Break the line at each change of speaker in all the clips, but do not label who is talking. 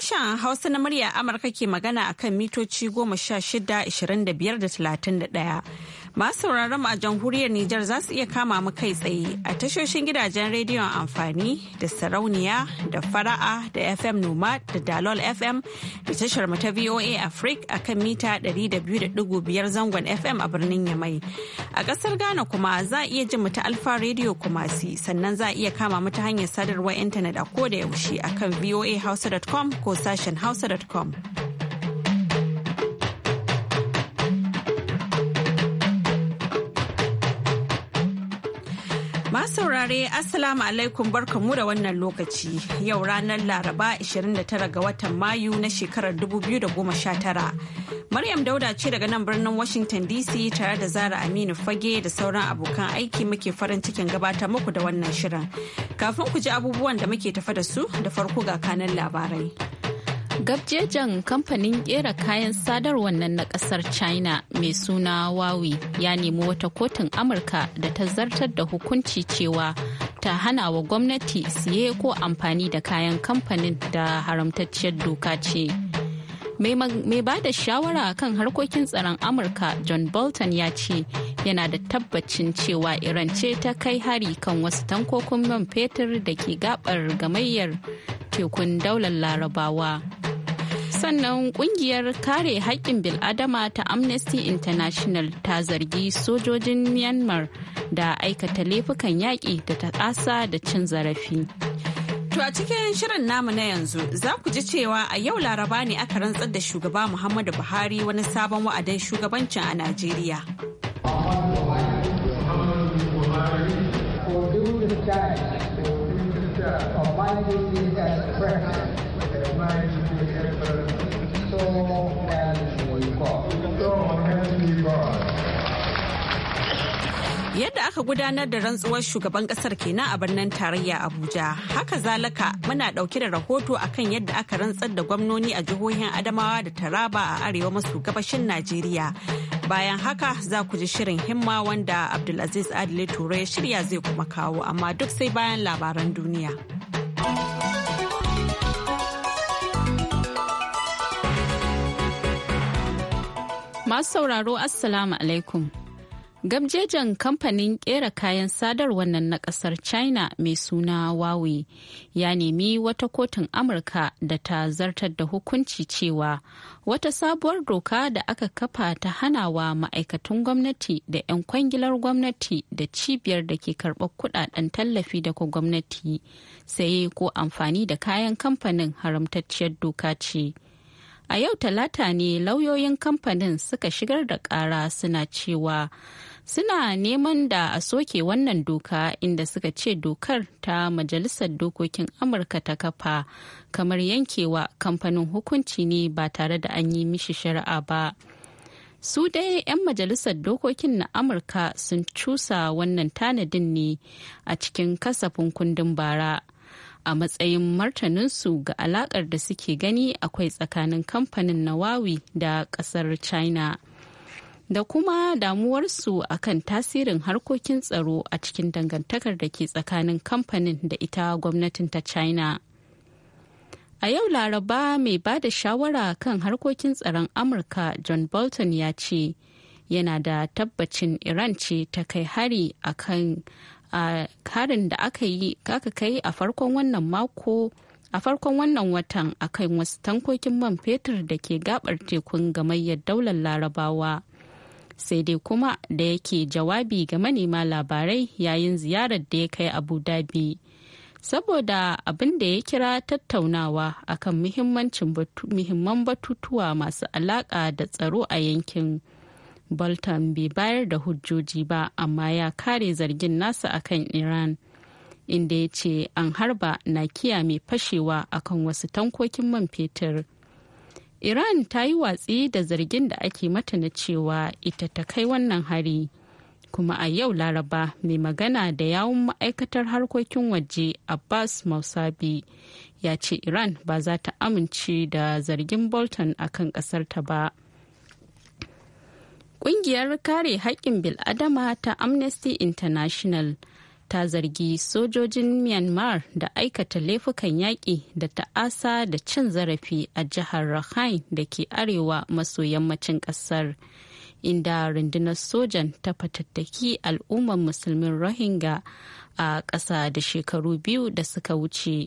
Sashen Hausa na murya Amurka ke magana a kan mitoci goma sha shida, ashirin da biyar da talatin da ɗaya. Masu sauraron a jamhuriyar Nijar za su iya kama mu kai tsaye a tashoshin gidajen rediyon amfani da sarauniya da fara'a da FM Noma da Dalol FM da tashar mu ta VOA Africa a kan mita 200.5 zangon FM a birnin Yamai. A ƙasar Ghana kuma za a iya jin mu ta Alfa Radio Kumasi sannan za a iya kama mu ta hanyar sadarwar intanet a ko da yaushe a kan voahausa.com ko sashen hausa.com. Masu saurare Assalamu alaikum barkamu da wannan lokaci yau ranar Laraba 29 ga watan Mayu na shekarar 2019. Maryam Dauda ce daga nan birnin Washington DC tare da Zara Aminu Fage da sauran abokan aiki muke farin cikin gabata muku da wannan shirin. Kafin ku ji abubuwan da muke tafa da su da farko ga kanan labarai. Gabjejen kamfanin kera kayan sadarwar nan na kasar China mai suna wawi ya nemi wata kotun Amurka da ta zartar da hukunci cewa ta hana wa gwamnati siye ko amfani da kayan kamfanin da haramtacciyar doka ce. mai ba da shawara kan harkokin tsaron amurka john bolton ya ce yana da tabbacin cewa iran ce ta kai hari kan wasu tankokin man fetur da ke gabar gamayyar tekun daular larabawa sannan kungiyar kare haƙƙin bil'adama ta amnesty international ta zargi sojojin myanmar da aikata laifukan yaƙi da ta ƙasa da cin zarafi To a cikin shirin namu na yanzu za ku ji cewa a yau laraba ne aka rantsar da shugaba Muhammadu Buhari wani sabon wa'adin shugabancin a Najeriya.
So
Yadda aka gudanar da rantsuwar shugaban kasar kenan a birnin tarayya Abuja. Haka zalaka muna dauke da rahoto akan yadda aka rantsar da gwamnoni a jihohin Adamawa da Taraba a arewa maso gabashin Najeriya. Bayan haka za ku ji shirin himma wanda Abdulaziz Adile Ture ya shirya zai kuma kawo amma duk sai bayan labaran duniya. Masu sauraro Assalamu alaikum. Gamjejen kamfanin kera kayan sadarwar nan na kasar China mai suna Huawei ya nemi wata kotun Amurka da ta zartar da hukunci cewa wata sabuwar doka da aka kafa ta hanawa ma'aikatun gwamnati da 'yan kwangilar gwamnati da cibiyar da ke karɓar kudaden tallafi daga gwamnati saye ko amfani da kayan kamfanin haramtacciyar doka ce. A yau talata ne lauyoyin kamfanin suka shigar da kara suna cewa suna neman da a soke wannan doka inda suka ce dokar ta majalisar dokokin amurka ta kafa kamar yankewa kamfanin hukunci ne ba tare da an yi mishi shari'a ba su dai 'yan majalisar dokokin na amurka sun cusa wannan tanadin ne a cikin kasafin kundin bara a matsayin martaninsu ga alakar da suke gani akwai tsakanin kamfanin nawawi da kasar china da kuma damuwarsu akan tasirin harkokin tsaro a cikin dangantakar da ke tsakanin kamfanin da ita gwamnatin ta china a yau laraba mai ba da shawara kan harkokin tsaron amurka john bolton ya ce yana da tabbacin iran ce ta kai hari a kan harin da aka yi aka kai a farkon wannan mako a farkon wannan watan akan wasu tankokin man fetur da ke gabar tekun gamayyar daular larabawa sai dai kuma da yake jawabi ga manema labarai yayin ziyarar da ya kai abu dhabi saboda abin da ya kira tattaunawa akan muhimman batutuwa masu alaka da tsaro a yankin bolton bai bayar da hujjoji ba amma ya kare zargin nasa akan iran inda ya ce an harba nakiya mai fashewa akan wasu tankokin man fetur. Iran ta yi watsi da zargin da ake mata na cewa ita ta kai wannan hari. Kuma a yau Laraba mai magana da yawun ma'aikatar harkokin waje Abbas Mausabi ya ce Iran ba za ta amince da zargin Bolton a kan ta ba. Ƙungiyar kare haƙƙin bil'adama ta Amnesty International ta zargi sojojin myanmar da aikata laifukan yaƙi da ta'asa da cin zarafi a jihar rakhine da ke arewa maso yammacin ƙasar inda rundunar sojan ta fatattaki al'ummar musulmin rohingya a ƙasa da shekaru biyu da suka wuce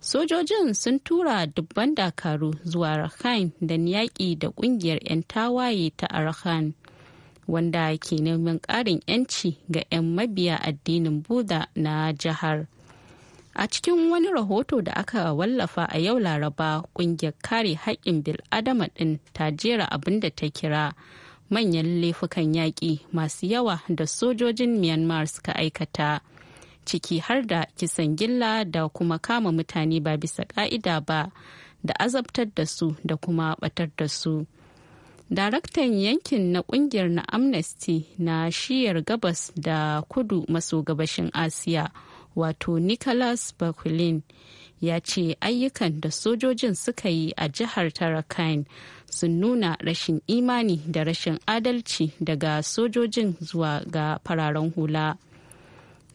sojojin sun tura dubban dakaru zuwa rakhine da yaƙi da ƙungiyar 'yan tawaye ta arakan wanda ke neman ƙarin 'yanci ga 'yan mabiya addinin buda na jihar a cikin wani rahoto da aka wallafa a yau laraba kungiyar kare haƙƙin bil'adama ɗin ta jera abin da ta kira manyan laifukan yaƙi masu yawa da sojojin myanmar suka aikata ciki har da kisan gilla da kuma kama mutane ba bisa ƙa'ida ba da azabtar da su da kuma batar da su. daraktan yankin na kungiyar na amnesty na shiyar gabas da kudu maso gabashin asiya wato nicholas bakulin ya ce ayyukan da sojojin suka yi a jihar tarakine sun nuna rashin imani da rashin adalci daga sojojin zuwa ga fararen hula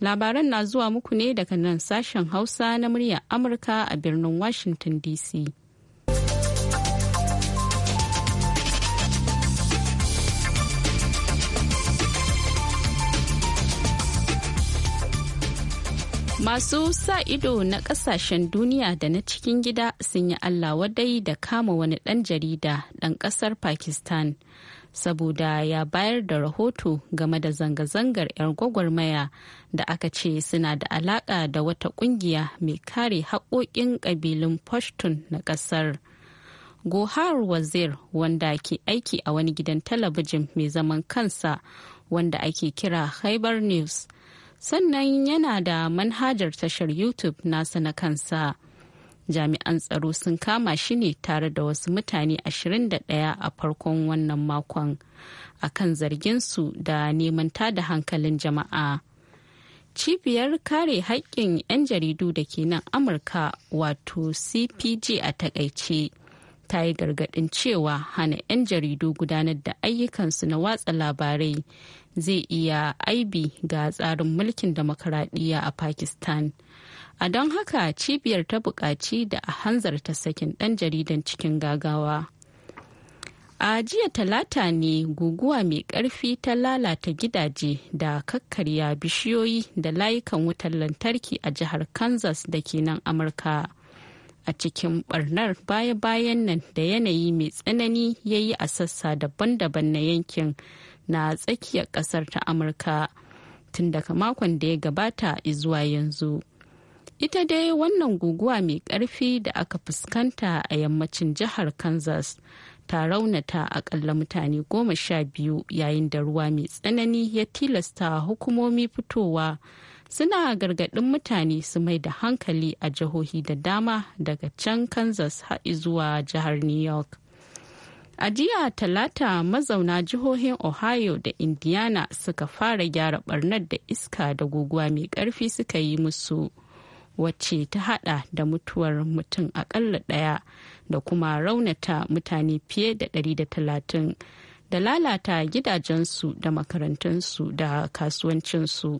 labaran na zuwa muku ne daga nan sashen hausa na muryar amurka a birnin washington dc Masu sa ido na kasashen duniya da na cikin gida sun yi Allah wadai da kama wani ɗan jarida ɗan ƙasar Pakistan saboda ya bayar da rahoto game da zanga-zangar 'yar gwagwarmaya da aka ce suna da alaƙa da wata ƙungiya mai kare haƙoƙin ƙabilun Pashtun na ƙasar. Gohar Wazir wanda ke aiki a wani gidan talabijin mai zaman kansa wanda ake kira Haibar News. sannan yana da manhajar tashar youtube nasa na kansa jami'an tsaro sun kama shi ne tare da wasu mutane 21 a farkon wannan makon a zargin zarginsu da neman da hankalin jama'a cibiyar kare haƙƙin 'yan jaridu da ke nan amurka wato cpg a takaice ta yi gargaɗin cewa hana 'yan jaridu gudanar da ayyukansu na watsa labarai zai iya aibi ga tsarin mulkin demokuraɗiyya a pakistan a don haka cibiyar ta buƙaci da a hanzarta sakin ɗan jaridan cikin gagawa a jiya talata ne guguwa mai ƙarfi ta lalata gidaje da kakkarya bishiyoyi da layukan wutar lantarki a jihar kansas da ke nan amurka a cikin barnar baya-bayan nan da yanayi mai tsanani ya yi a sassa daban-daban na yankin na tsakiyar kasar ta amurka tun daga makon da ya gabata zuwa yanzu ita dai wannan guguwa mai karfi da aka fuskanta a yammacin jihar kansas ta raunata akalla mutane goma sha biyu yayin da ruwa mai tsanani ya tilasta hukumomi fitowa suna gargaɗin mutane su mai da hankali a jihohi da dama daga can kansas har zuwa jihar new york A jiya talata mazauna jihohin Ohio da Indiana suka fara gyara barnar da iska da guguwa mai ƙarfi suka yi musu wacce ta hada da mutuwar mutum akalla ɗaya da kuma raunata mutane fiye da 130 da lalata gidajensu da makarantunsu da kasuwancinsu.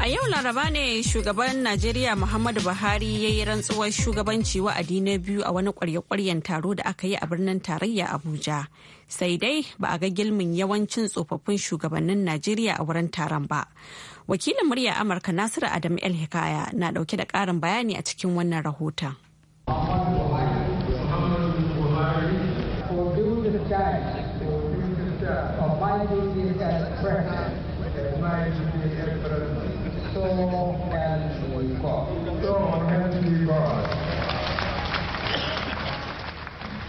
A yau Laraba ne shugaban Najeriya Muhammadu Buhari ya yi rantsuwar shugabanci wa'adi na biyu a wani kwarye-kwaryen taro da aka yi a birnin tarayya Abuja. Sai dai ba a ga gilmin yawancin tsofaffin shugabannin Najeriya a wurin taron ba. Wakilin murya Amurka Nasiru Adam El Hikaya na dauke da karin bayani a cikin wannan rahoton.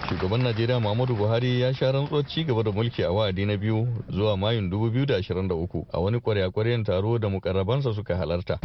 Shugaban Najeriya Muhammadu Buhari ya sha rantsuwar ci gaba da mulki a wa'adi na biyu zuwa Mayun 2023 a wani kwarya-kwaryen taro da mukarrabansa suka halarta.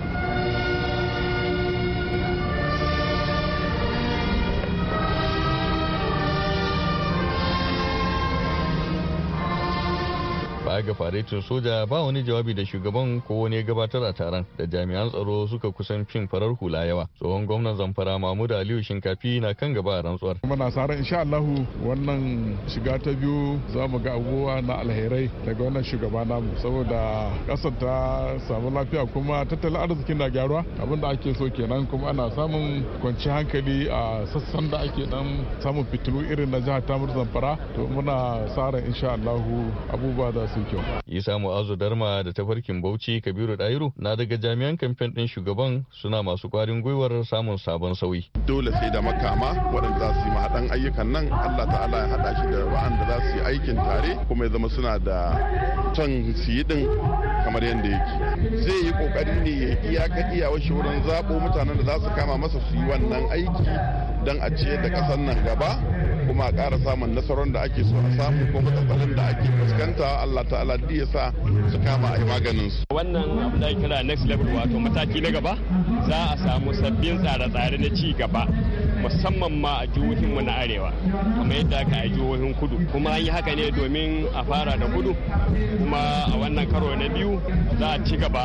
aga faretin soja ba wani jawabi da shugaban ko wani gabatar a taron da jami'an tsaro suka kusan fin farar hula yawa tsohon gwamnan zamfara mahmud aliyu shinkafi na kan gaba a rantsuwar muna sa ran insha allahu wannan shiga ta biyu za mu ga abubuwa na alherai daga wannan shugaba namu saboda kasar ta samu lafiya kuma tattalin arzikin na gyaruwa abin da ake so kenan kuma ana samun kwanci hankali a sassan da ake dan samun fitilu irin na jihar tamar zamfara to muna sa ran insha allahu abubuwa za su Isa Mu'azu Darma da tafarkin Bauchi Kabiru Dairu na daga jami'an kamfen din shugaban suna masu kwarin gwiwar samun sabon sauyi.
Dole sai da makama waɗanda za su yi mahaɗan ayyukan nan Allah ta'ala ya haɗa shi da wa'anda za su yi aikin tare kuma ya zama suna da son su yi ɗin kamar yadda ya yake zai yi kokari ne ya iya ka iya shi wurin zaɓo mutanen da za su kama masa su yi wannan aiki don a ciyar da ƙasar nan gaba kuma a ƙara samun nasarar da ake so a samu ko matsalolin da ake fuskanta Allah ta'ala duk
ya sa su kama a yi maganin su wannan abu da kira next level wato mataki na gaba za a samu sabbin tsare-tsare na ci gaba musamman ma a mu na arewa kamar yadda aka yi jihohin kudu kuma an yi haka ne domin a fara da kudu kuma karo na biyu za a ci gaba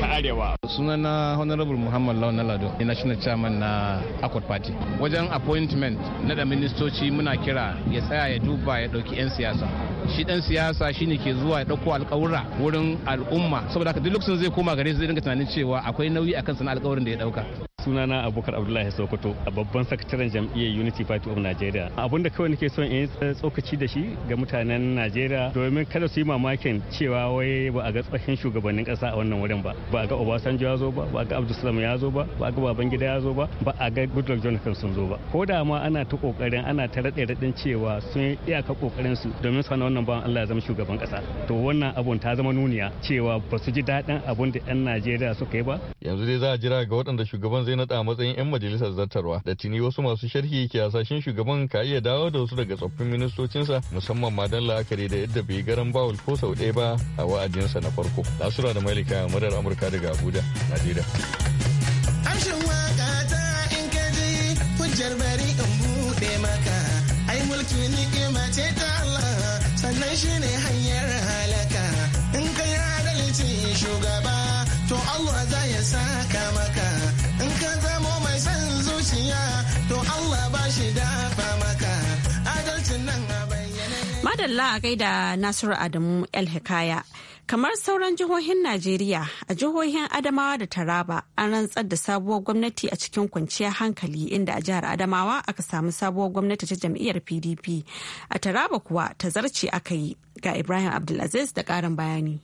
ta arewa sunana honorable
muhammad launa lado ne national chairman na accord party wajen appointment na da ministoci muna kira ya tsaya ya duba ya dauki 'yan siyasa shi dan siyasa shi ne ke zuwa ya dauko alkawura wurin al'umma saboda haka duk lokacin zai koma gare zai dinga tunanin cewa akwai nauyi akan sana alkawarin da ya dauka sunana abubakar abdullahi sokoto a babban sakataren jam'iyyar unity party of nigeria abun da kawai nake son in eh, tsokaci da shi ga mutanen nigeria domin kada su yi mamakin cewa wai ba a ga tsohon shugabannin kasa a wannan wurin ba ba a ga obasanjo ya zo ba ba a ga abdulsalam ya zo ba ba a ga babangida ya zo ba ba a ga goodluck jonathan sun zo ba ko da ma ana ta kokarin ana ta raɗe raɗin cewa sun yi iyaka kokarin su domin su wannan ba allah ya zama shugaban kasa to wannan
abun ta zama nuniya cewa ba su ji daɗin abun da 'yan najeriya suka yi ba yanzu dai za a jira ga waɗanda shugaban zai zai matsayin 'yan majalisar zartarwa da tuni wasu masu sharhi ke hasashen shugaban ka iya dawo da wasu daga tsoffin ministocinsa musamman ma don la'akari da yadda bai garan bawul ko sau ɗaya ba a wa'adinsa na farko. Lasura da Malika murar Amurka daga Abuja, Najeriya.
Amshin waka ta in ka ji hujjar bari in buɗe maka, ai mulki ni'ima ce ta Allah sannan shi ne hanyar halaka in ka yi adalci shugaba.
Madalla a gaida Nasiru Adamu El Hikaya. Kamar sauran jihohin Najeriya a jihohin Adamawa da Taraba an rantsar da sabuwar gwamnati a cikin kwanciyar hankali inda a jihar Adamawa aka samu sabuwar gwamnati ta jam'iyyar PDP. A Taraba kuwa ta zarce aka yi ga Ibrahim Abdulaziz da ƙarin bayani.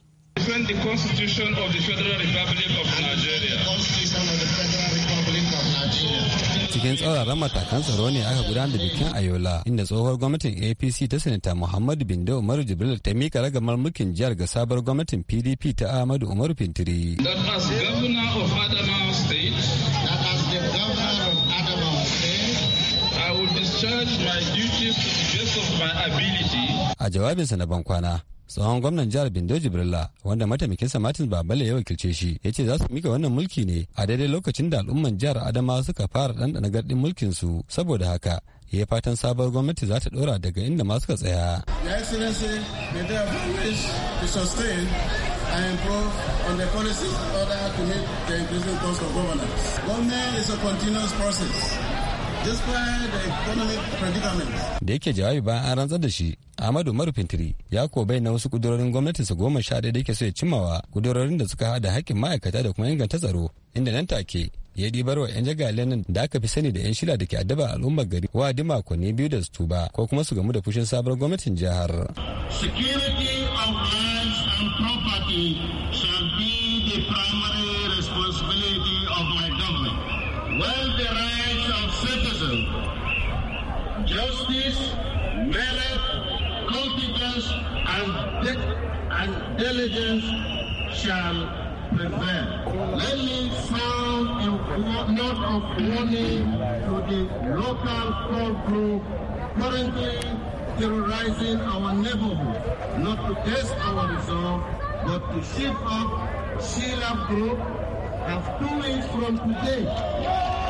the Constitution of the Federal Republic of Nigeria.
cikin tsauraran matakan tsaro ne aka gudanar da bikin ayola inda tsohuwar gwamnatin apc ta sanata muhammadu bindo umaru jibril ta mika ragamar mulkin jihar ga sabar gwamnatin pdp ta ahmadu umaru fintiri a jawabinsa na bankwana tsohon gwamnan jihar bindo Jibrilla, wanda mataimakinsa martin babale ya wakilce shi ya ce za su mika wannan mulki ne a daidai lokacin da al'umman jihar adama suka fara ɗanɗana gardin mulkinsu saboda haka ya fatan sabuwar gwamnati za ta ɗora daga inda ma suka tsaya.
and improve on the policies in order to meet the increasing cost of
governance. Government is a continuous process. Da yake jawabi bayan an rantsar da shi, Ahmadu Marufintiri ya ko bayyana na wasu kudurorin gwamnatinsa goma sha ɗaya da yake so ya cimmawa kudurorin da suka hada haƙƙin ma'aikata da kuma inganta tsaro, inda nan take ya ɗibar wa 'yan jagalen nan da aka fi sani da 'yan shila da ke addaba al'ummar gari di makonni biyu da su tuba ko kuma su gamu da fushin sabuwar gwamnatin jihar.
Security of lives
and property shall be the primary
Justice, merit, competence, and, de and diligence shall prevail. Let me sound a note of warning to the local core group
currently terrorizing our neighborhood, not to test our resolve,
but to shift up, seal up group, have two weeks from
today.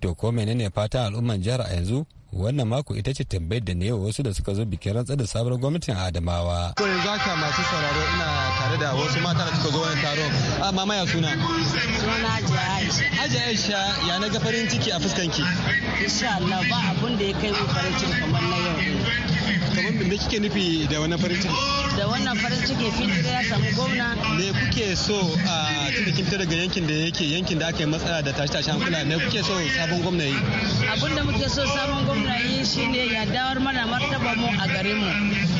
To ko menene fata al'umman jihar a yanzu? wannan mako ita ce tambayar da ne wasu da suka zo bikin rantsar da sabuwar gwamnatin adamawa. ko yanzu haka masu sauraro ina tare da wasu mata da suka zo wani taron a ah, mama ya suna. suna aisha. Haji aisha ya na farin ciki a fuskanki. insha Allah ba
abun da ya kai mu farin ciki kamar na yau.
kamar me kike nufi da wannan farin ciki
da wannan farin ciki fili ya samu gwamna me
kuke so a tunda kin fita daga yankin da yake yankin da aka yi matsala da tashi tashi hankula me kuke so sabon gwamna yi
abin da muke so sabon gwamna yi shine ya dawar mana martaba mu a garin mu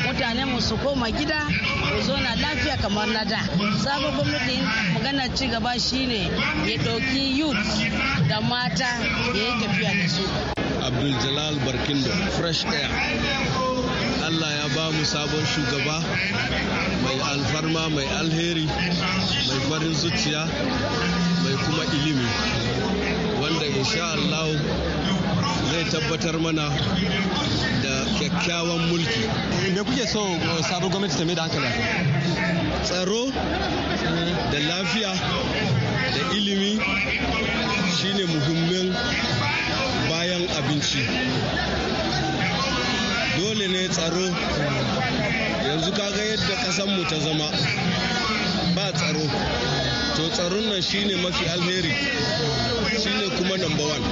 mutanen mu su koma gida mu zo na lafiya kamar na da sabon gwamnati magana ci gaba shine ya ɗauki youth da mata ya yi tafiya
da su Abdul Jalal Barkindo, Fresh Air. allah ya ba mu sabon shugaba mai alfarma mai alheri mai farin zuciya mai kuma ilimi wanda insha allah zai tabbatar mana da kyakkyawan mulki me kuke so uh, sabon gwamnati ta
mai da hankali tsaro da lafiya da ilimi
shine muhimmin bayan abinci dole ne tsaro yanzu kaga yadda ƙasanmu ta zama ba tsaro to tsaron nan shine mafi alheri shine kuma number one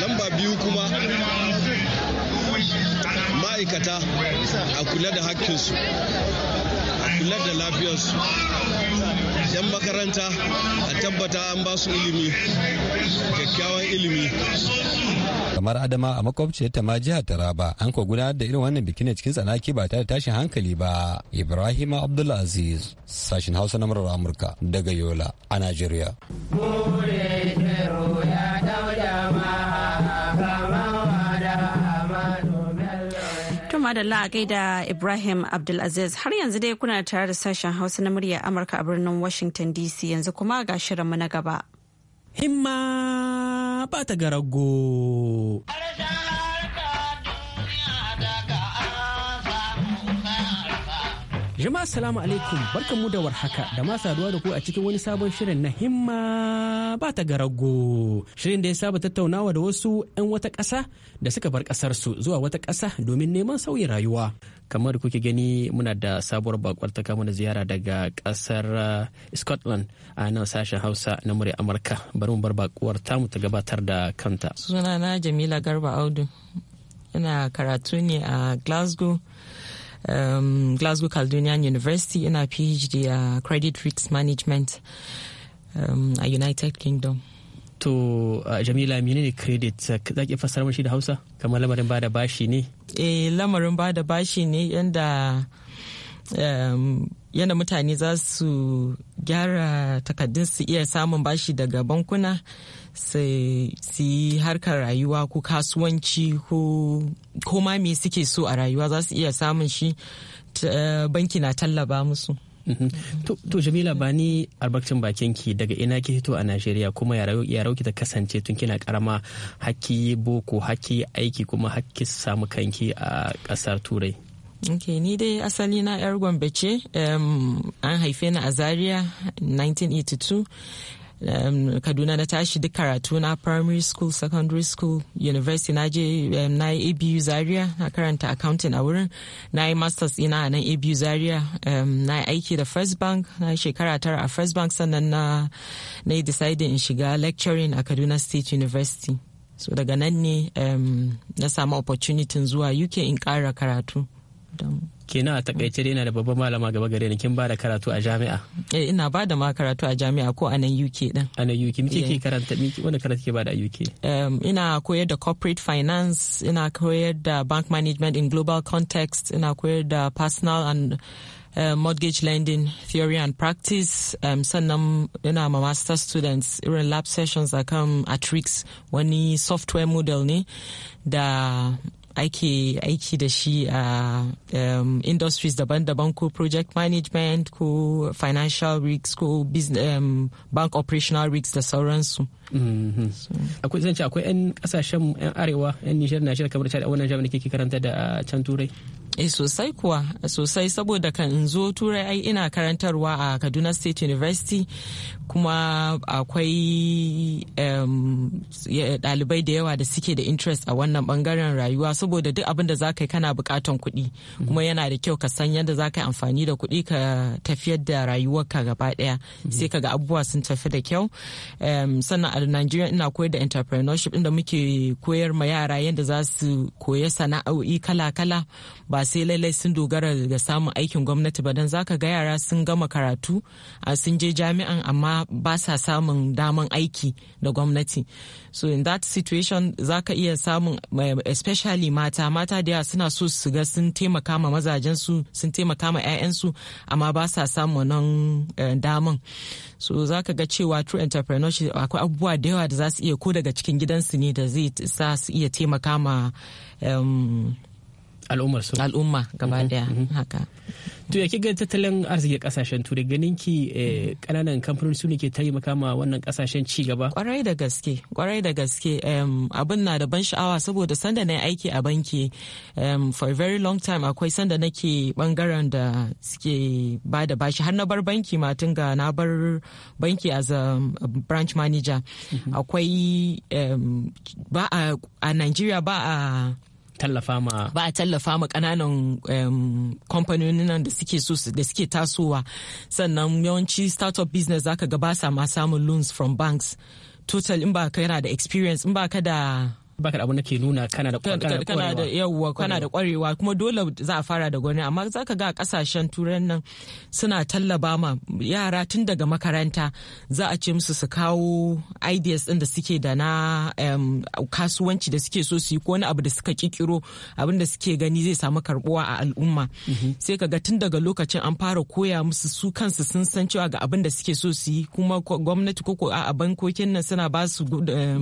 lamba biyu kuma ma'aikata a kula da hakkinsu a kula da lafiyarsu 'yan makaranta a tabbata an ba su ilimi kyakkyawan ilimi
kamar adama a makwabciyar ta ma jihar taraba an ko gudanar da irin wannan bikin cikin tsanaki ba tare da tashin hankali ba ibrahim abdulaziz sashin hausa na murar amurka daga yola a najeriya
madalla a gaida Ibrahim Abdulaziz har yanzu dai kuna tare da sashen Hausa na murya Amurka a birnin Washington DC yanzu kuma ga shirin mu na gaba.
Himma ba ta garago. Jama'a salamu alaikum barkanmu da warhaka da ma saduwa da ku a cikin wani sabon shirin na himma ba ta garago. Shirin da ya saba tattaunawa da wasu 'yan wata ƙasa da suka bar ƙasarsu zuwa wata ƙasa domin neman sauyin rayuwa. Kamar kuke gani muna da sabuwar bakwar ta kama da ziyara daga ƙasar uh, Scotland a nan sashen Hausa na murya Amurka. Bari mu bar ta tamu ta gabatar da kanta.
Sunana Jamila Garba Audu. Ina karatu ne a Glasgow. um, Glasgow Caledonian University ina PhD a uh, Credit Risk Management um, a United Kingdom.
To uh, Jamila menene credit uh, za ki fassara mashi da Hausa? Kamar lamarin bada bashi ne?
Eh lamarin da bashi ne yanda um, mutane za su gyara takardun su iya samun bashi daga bankuna. su yi harkar rayuwa ko kasuwanci ko koma me suke so a rayuwa za su iya samun shi
banki na tallaba musu. Mhm. To Jamila ba ni albarkacin bakin ki daga ina ki hito a Najeriya kuma ya rauki ta kasance tun kina karama hakki boko hakki aiki kuma hakki samu kanki a kasar turai.
ok ni dai asali na yar gombe ce an haife ni a zaria 1982 um, kaduna na tashi duk karatu na primary school secondary school university na je um, na yi abu zaria na karanta accounting a wurin na yi masters ina a nan abu zaria um, na yi aiki da first bank na yi shekara tara a first bank sannan na na yi decide in shiga lecturing a kaduna state university so daga nan ne um, na samu opportunity zuwa uk in kara karatu
makarantar mu a takaice yana da babban malama gaba gare ni kin bada karatu a jami'a
eh ina bada ma
karatu a jami'a ko a nan UK din a nan UK miki ke karanta miki wani karatu ke bada a UK
um, ina koyar da corporate finance ina koyar da bank management in global context ina koyar da personal and Uh, mortgage lending theory and practice um, sannan ina ma master students irin lab sessions akan atrix wani software model ne da ake aiki da shi a um, industries daban-daban ko project management ko financial risks ko um, bank operational
risks da sauransu. Mm-hmm. akwai zance akwai 'yan kasashen 'yan arewa 'yan nishar na kamar chad a wannan jami'in da ke karanta da uh, can turai Eh sosai kuwa sosai saboda
kan in zo turai ai ina karantarwa a Kaduna State University kuma akwai dalibai da yawa da suke da interest a wannan bangaren rayuwa saboda duk abin da za ka yi kana bukatan kuɗi kuma yana da kyau ka san yadda za ka yi amfani da kuɗi ka tafiyar da rayuwarka gaba ɗaya mhm. sai ka ga abubuwa sun tafi da kyau sannan a nigeria ina koyar da entrepreneurship inda muke koyar ma yara yadda za su koya sana'o'i kala-kala ba sai lallai sun dogara ga samun aikin gwamnati ba don za ka ga yara sun gama karatu sun je jami'an amma ba sa samun daman aiki da gwamnati so in that situation za ka iya samun especially mata mata da yawa suna so su ga sun taimaka ma mazajen su sun taimaka ma 'ya'yansu amma ba sa samun nan eh, daman so za ka ga cewa true entrepreneurship akwai abubuwa da yawa da za su iya ko daga cikin gidansu ne da zai sa su iya taimaka ma
al'ummar su al'umma gaba mhm. daya mhm. haka to ya kiga tattalin arzikin kasashen turai ganin ki kananan eh, kamfanin su ne ke taimaka ma wannan kasashen ci gaba kwarai da gaske kwarai da gaske abin na da ban sha'awa saboda sanda
na aiki a banki for a very long time akwai sanda nake bangaren da suke ba da bashi har na bar banki ma tun ga na bar banki as a branch manager mhm. akwai ba a Nigeria ba a tallafa ma ba a tallafa ma kananan kamfanonin nan da suke so da suke tasowa sannan yawanci startup business zaka ga ba sa ma samun loans from banks total in ba ka yana da experience in ba ka da baka da abu nake nuna kana da kwarewa kana da kwarewa kuma dole za a fara da gwani amma za ka ga kasashen turan nan suna tallaba ma yara tun daga makaranta za a ce musu su kawo ideas din da suke da na kasuwanci da suke so su yi ko wani abu da suka kikiro abin da suke gani zai samu karbuwa a al'umma mhm. sai ka ga tun daga lokacin an fara koya musu su kansu sun san cewa ga abin da suke so su yi kuma gwamnati ko a bankokin nan suna ba su eh,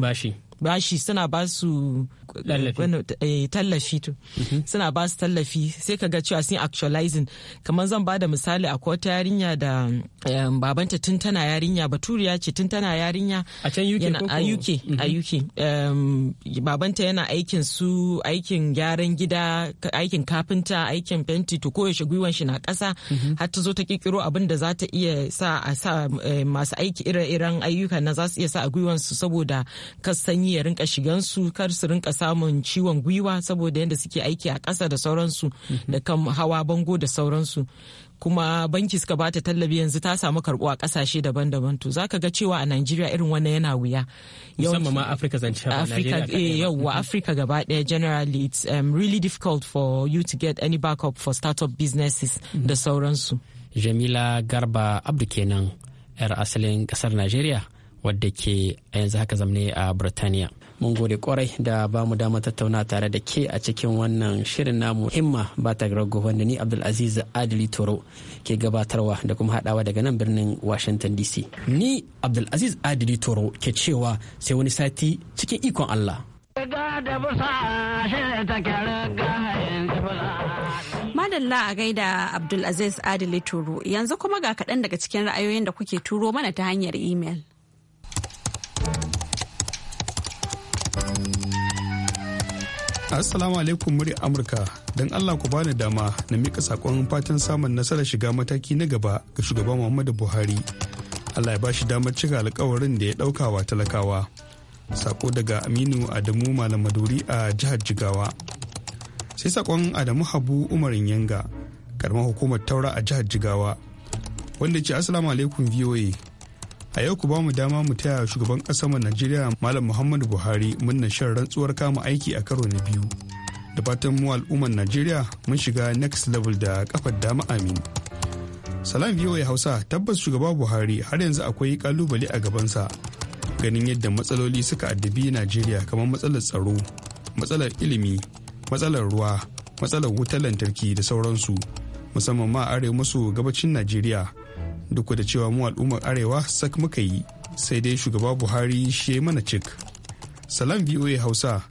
bashi suna ba su eh, tallafi to mhm. suna ba su tallafi sai ka ga cewa sun actualizing kamar zan ba da misali akwai wata yarinya da babanta tun tana yarinya baturiya ce tun tana yarinya a can UK a UK a mhm. UK babanta yana aikin su aikin gyaran gida aikin kafinta aikin fenti to koyaushe gwiwan shi na kasa mhm. har ta zo ta kikiro abin da za ta iya sa eh, masu aiki ire-iren ayyukan na za su iya sa a gwiwan su saboda kasanyi ya rinka shigan su kar su rinka samun ciwon gwiwa saboda yadda suke aiki a ƙasa da sauransu mhm. da kan hawa bango da sauransu kuma banki suka bata tallafi yanzu ta samu karbu a kasashe daban-daban to zaka ga cewa a Najeriya irin wannan yana wuya musamman ma Africa zance ba Africa eh yawa mhm. Africa gaba daya generally it's um, really difficult for you to get any backup for startup businesses mhm. da
sauransu Jamila Garba Abdu kenan yar asalin kasar Najeriya wadda ke a yanzu haka zamne a Birtaniya. Mun gode kwarai da ba mu dama tattauna tare da ke a cikin wannan shirin namu himma ba ta rago wanda ni Abdulaziz Adili Toro ke gabatarwa da kuma hadawa daga nan birnin Washington DC. Ni Abdulaziz Adili Toro ke cewa sai wani sati cikin ikon Allah.
Madalla a gaida Abdulaziz Adili Turo yanzu kuma ga kaɗan daga cikin ra'ayoyin da kuke turo mana ta hanyar imel.
Assalamu alaikum muri Amurka don Allah ku bani dama na mika saƙon fatan samun nasarar shiga mataki na gaba ga shugaban Muhammadu Buhari. Allah ya bashi damar cika alkawarin da ya ɗauka wa talakawa. Saƙo daga Aminu Adamu Malam Maduri a jihar Jigawa. Sai saƙon Adamu Habu Umarin Yanga, karamar hukumar Taura a jihar Jigawa. Wanda ce Assalamu alaikum VOA a yau ku ba mu dama mu taya shugaban ƙasar najeriya malam muhammadu buhari murnar shan rantsuwar kama aiki a karo na biyu da fatan mu al'ummar najeriya mun shiga next level da kafar dama amin salam ya hausa tabbas shugaba buhari har yanzu akwai kalubale a gabansa ganin yadda matsaloli suka addabi najeriya kamar matsalar tsaro matsalar ilimi matsalar ruwa matsalar wutar lantarki da sauransu musamman ma arewa maso gabacin najeriya duk da cewa mu al'ummar arewa sak muka yi sai dai shugaba buhari shi mana cik salam voa hausa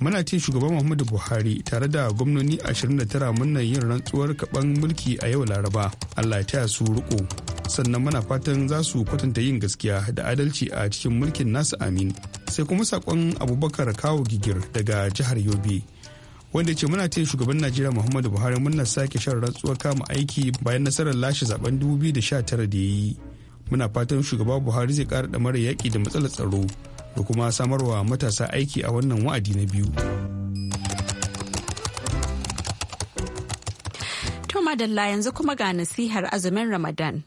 muna ce shugaba muhammadu buhari tare da gwamnoni 29 muna yin rantsuwar kaban mulki a yau laraba allah ta su riko sannan muna fatan za su kwatanta yin gaskiya da adalci a cikin mulkin nasu amin sai kuma sakon abubakar kawo gigir daga jihar yobe wanda ce muna ce shugaban najeriya muhammadu buhari muna sake shan rantsuwar kama aiki bayan nasarar lashe zaben 2019 da ya yi muna fatan shugaba buhari zai kara da mara yaƙi da matsalar tsaro da kuma samarwa matasa aiki a wannan wa'adi na biyu
to madalla yanzu kuma ga nasihar azumin ramadan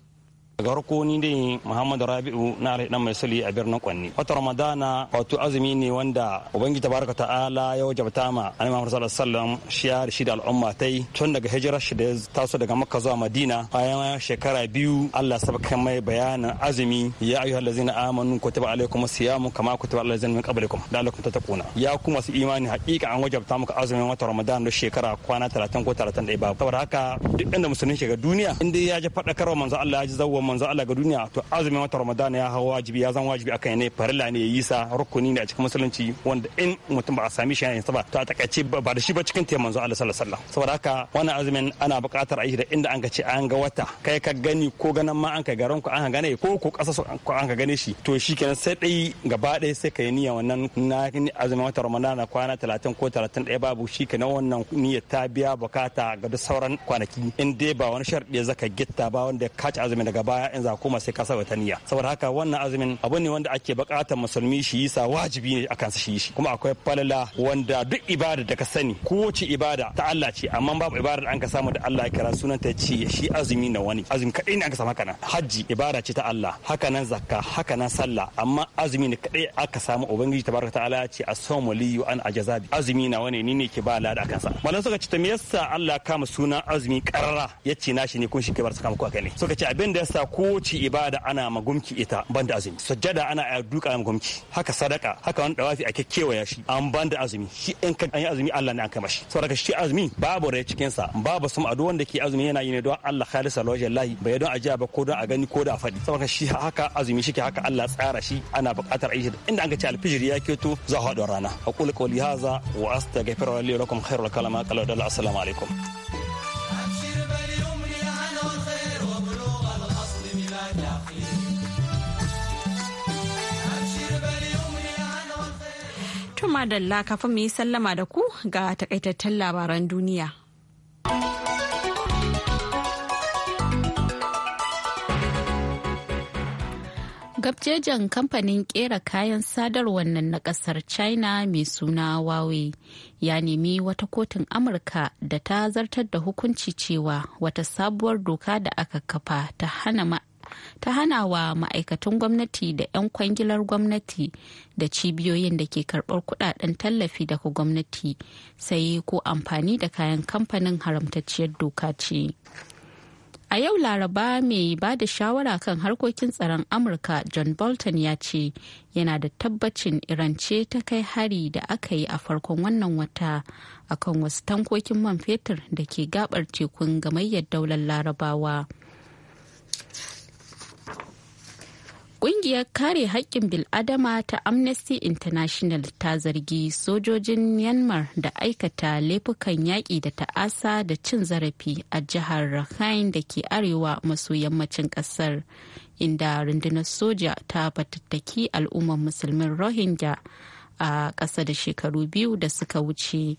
daga harko ni dai muhammadu rabi'u na alai dan mai sali a birnin kwanni wata ramadana wato azumi ne wanda ubangiji tabaraka ta'ala ya wajabta ma annabi muhammad sallallahu alaihi wasallam shi ya rishi da al'umma tai tun daga hijirar shi da ya taso daga makka zuwa madina bayan shekara biyu allah sabaka mai bayanin azumi ya ayyuhal ladzina amanu kutiba alaikum siyamu kama kutiba alal ladzina min qablikum ta tattaquna ya ku masu imani haƙiƙa an wajabta muku azumin wata ramadana da shekara kwana 30 ko 31 babu saboda haka duk inda musulmi shiga duniya inda ya ji faɗakarwa manzo Allah ya ji zawwa manzo Allah ga duniya to azumin wata Ramadan ya hawa wajibi ya zan wajibi akan ne farilla ne yayi sa rukuni ne a cikin musulunci wanda in mutum ba a sami shi yayin sa ba to a takaice ba da shi ba cikin manzo Allah sallallahu alaihi wasallam saboda haka wannan azumin ana buƙatar a yi da inda an ga ce an ga wata kai ka gani ko ganan ma an ka garan ku an gane ko ko ƙasa ko an ka gane shi to shi kenan sai dai gaba ɗaya sai ka yi niyya wannan na azumin wata Ramadan na kwana 30 ko 31 babu shi kenan wannan niyyar ta biya bukata ga duk sauran kwanaki in dai ba wani sharɗi zaka gitta ba wanda ka ci azumin daga baya 'ya'yan za koma sai ka sa wata saboda haka wannan azumin abu ne wanda ake bukatar musulmi shi yi sa wajibi ne a kansa shi shi kuma akwai falala wanda duk ibada da ka sani kowace ibada ta Allah ce amma babu ibada da an ka samu da Allah ya kira sunan ta ce shi azumi na wani azumi kadai ne an ka samu kana hajji ibada ce ta Allah haka nan zakka haka nan sallah amma azumi ne kadai aka samu ubangiji tabaraka ta'ala ya ce asawmu sawmu li an ajazabi azumi na wani ne ne ke ba lada kansa malan suka ce ta me yasa Allah kama suna azumi karara yace nashi ne kun shi kai bar saka muku ne suka ce abin da yasa yasa kowace ibada ana magumki ita banda azumi sajjada ana a duka magumki haka sadaka haka wani dawafi a kekkewaya shi an banda azumi shi in ka an yi azumi Allah ne an kama shi saboda shi azumi babu rai cikin sa babu sum a duk wanda ke azumi yana yi ne don Allah khalisa lahi bai don ajiya ba ko don a gani ko da a faɗi saboda shi haka azumi shi ke haka Allah tsara shi ana buƙatar aiki inda an ga ce alfijir ya keto za a haɗu rana aqulu qawli hadha wa astaghfiru li wa lakum khairul kalama qala assalamu alaikum
Tuma da kafin mu yi sallama da ku ga takaitattun labaran duniya. gabjejen kamfanin kera kayan sadarwar nan na kasar china mai suna huawei ya nemi wata kotun amurka da ta zartar da hukunci cewa wata sabuwar doka da aka kafa ta hana ta hana wa ma'aikatan gwamnati da 'yan kwangilar gwamnati da cibiyoyin da ke karbar kudaden tallafi daga gwamnati sai ko amfani da kayan kamfanin haramtacciyar doka ce. A yau Laraba mai ba da shawara kan harkokin tsaron Amurka John Bolton ya ce yana da tabbacin Iran ce ta kai hari da aka yi a farkon wannan wata akan wasu tankokin man fetur da ke gabar tekun gamayyar daular Larabawa. Ƙungiyar kare haƙƙin bil'adama ta Amnesty International ta zargi sojojin Myanmar da aikata laifukan yaƙi da ta'asa da cin zarafi a jihar Rakhine da ke arewa maso yammacin ƙasar, inda rundunar soja ta fatattaki al'ummar musulmin Rohingya a ƙasa da shekaru biyu da suka wuce.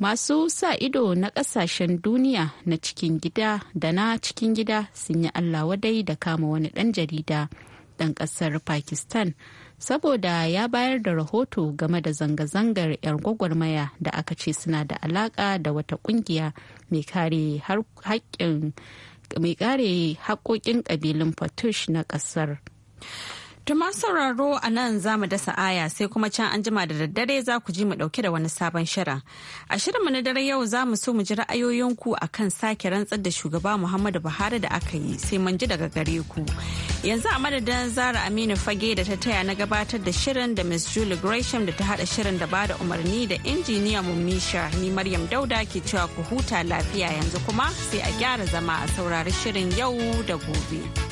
masu sa ido na kasashen duniya na cikin gida da na cikin gida sun yi allah wadai da kama wani dan jarida dan kasar pakistan saboda ya bayar da rahoto game da zanga-zangar 'yar gwagwarmaya da aka ce suna da alaka da wata kungiya mai kare hakokin mai ƙabilun fatush na ƙasar. ma sauraro a nan za mu dasa aya sai kuma can an jima da daddare za ku ji mu dauke da wani sabon shirin. A shirin mu na dare yau za mu so mu ji ra'ayoyinku a kan sake rantsar da shugaba Muhammadu Buhari da aka yi sai mun ji daga gare ku. Yanzu a madadin Zara Aminu Fage da ta taya na gabatar da shirin da Miss Julie Gresham da ta haɗa shirin da ba da umarni da injiniya mu Misha ni Maryam Dauda ke cewa ku huta lafiya yanzu kuma sai a gyara zama a saurari shirin yau da gobe.